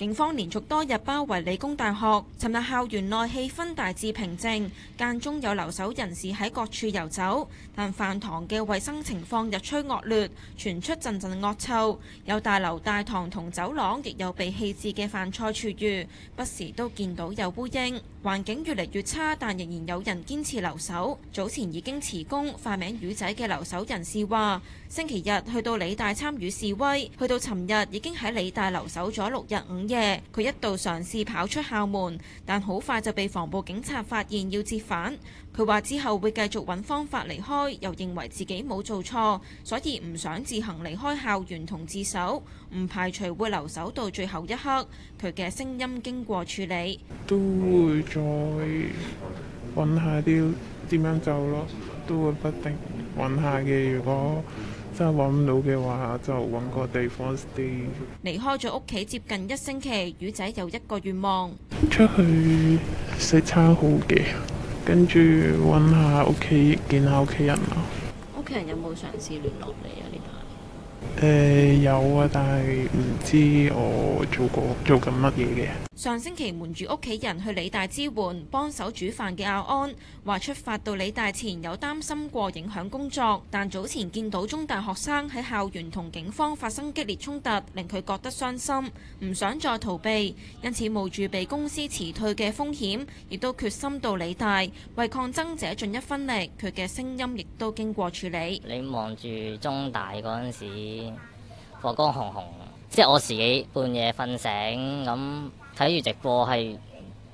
警方連續多日包圍理工大學。尋日校園內氣氛大致平靜，間中有留守人士喺各處遊走。但飯堂嘅衛生情況日趨惡劣，傳出陣陣惡臭。有大樓大堂同走廊亦有被棄置嘅飯菜廚餘，不時都見到有烏蠅。環境越嚟越差，但仍然有人堅持留守。早前已經辭工，化名魚仔嘅留守人士話：星期日去到理大參與示威，去到尋日已經喺理大留守咗六日五夜，佢 Yeah, Yeah. 一度嘗試跑出校門，但好快就被防暴警察發現要折返。佢話之後會繼續揾方法離開，又認為自己冇做錯，所以唔想自行離開校園同自首，唔排除會留守到最後一刻。佢嘅聲音經過處理，都會再揾下啲點樣走咯，都會不定揾下嘅嘢咯。如果真係搵唔到嘅話，就搵個地方 stay。離開咗屋企接近一星期，魚仔有一個願望，出去食餐好嘅，跟住搵下屋企，見下屋企人啦。屋企人有冇嘗試聯絡你啊？呢排？誒，有啊，但係唔知我做過做緊乜嘢嘅。上星期瞞住屋企人去理大支援，幫手煮飯嘅阿安話出發到理大前有擔心過影響工作，但早前見到中大學生喺校園同警方發生激烈衝突，令佢覺得傷心，唔想再逃避，因此冒住被公司辭退嘅風險，亦都決心到理大為抗爭者盡一分力。佢嘅聲音亦都經過處理。你望住中大嗰陣時，火光紅紅，即係我自己半夜瞓醒咁。睇住直播係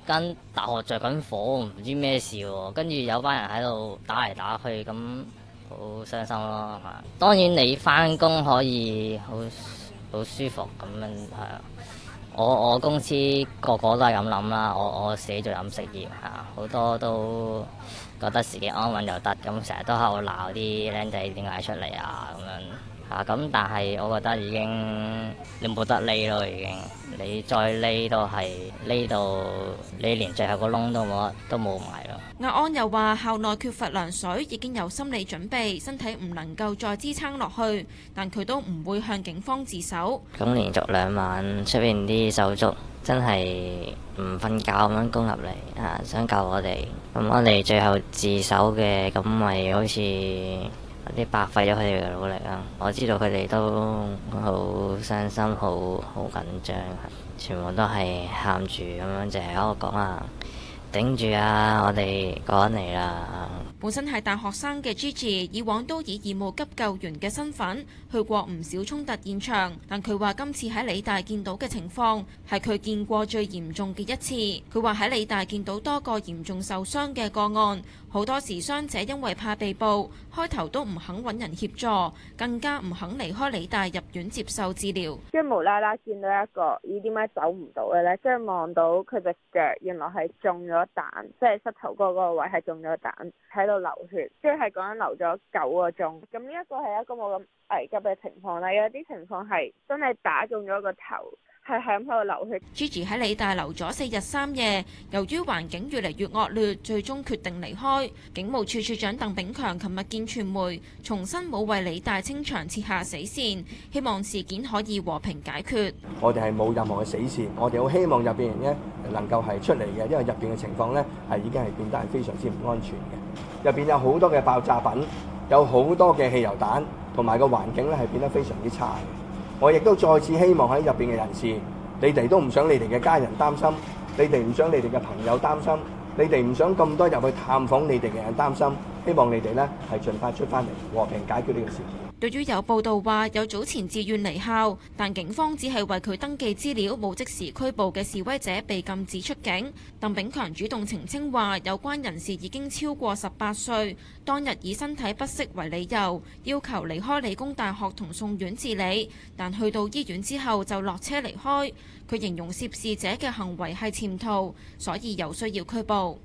間大學着緊火，唔知咩事喎、啊。跟住有班人喺度打嚟打去，咁好傷心咯。係啊，當然你返工可以好好舒服咁樣，係啊。我我公司個個都係咁諗啦。我我自己做飲食業，嚇好、啊、多都覺得自己安穩就得。咁成日都喺度鬧啲僆仔點解出嚟啊咁樣？啊！咁但係我覺得已經你冇得匿咯，已經你再匿到係匿到你連最後個窿都冇，都冇埋咯。阿、啊、安又話：校內缺乏糧水，已經有心理準備，身體唔能夠再支撐落去，但佢都唔會向警方自首。咁連續兩晚出邊啲手足真係唔瞓覺咁樣攻入嚟啊！想救我哋，咁我哋最後自首嘅，咁咪好似～啲白費咗佢哋嘅努力啊！我知道佢哋都好傷心，好好緊張，全部都係喊住咁樣。就係喺度講啊，頂住啊！我哋趕嚟啦～本身係大學生嘅 Gigi，以往都以義務急救員嘅身份去過唔少衝突現場，但佢話今次喺理大見到嘅情況，係佢見過最嚴重嘅一次。佢話喺理大見到多個嚴重受傷嘅個案，好多時傷者因為怕被捕，開頭都唔肯揾人協助，更加唔肯離開理大入院接受治療，即係無啦啦見到一個咦點解走唔到嘅咧？即係望到佢隻腳原來係中咗彈，即係嗰膝頭哥個位係中咗彈。喺。喺度流血，即係講緊流咗九個鐘。咁呢一個係一個冇咁危急嘅情況啦。有啲情況係真係打中咗個頭，係響喺度流血。Gigi 喺理大留咗四日三夜，由於環境越嚟越惡劣，最終決定離開。警務處處長鄧炳強琴日見傳媒，重申冇為理大清場設下死線，希望事件可以和平解決。我哋係冇任何嘅死線，我哋好希望入邊呢能夠係出嚟嘅，因為入邊嘅情況呢係已經係變得係非常之唔安全嘅。入邊有好多嘅爆炸品，有好多嘅汽油彈，同埋個環境咧係變得非常之差嘅。我亦都再次希望喺入邊嘅人士，你哋都唔想你哋嘅家人擔心，你哋唔想你哋嘅朋友擔心，你哋唔想咁多入去探訪你哋嘅人擔心。希望你哋呢，係盡快出翻嚟，和平解決呢件事。對於有報道話有早前自願離校，但警方只係為佢登記資料，冇即時拘捕嘅示威者被禁止出境。鄧炳強主動澄清話，有關人士已經超過十八歲，當日以身體不適為理由要求離開理工大學同送院治理，但去到醫院之後就落車離開。佢形容涉事者嘅行為係潛逃，所以有需要拘捕。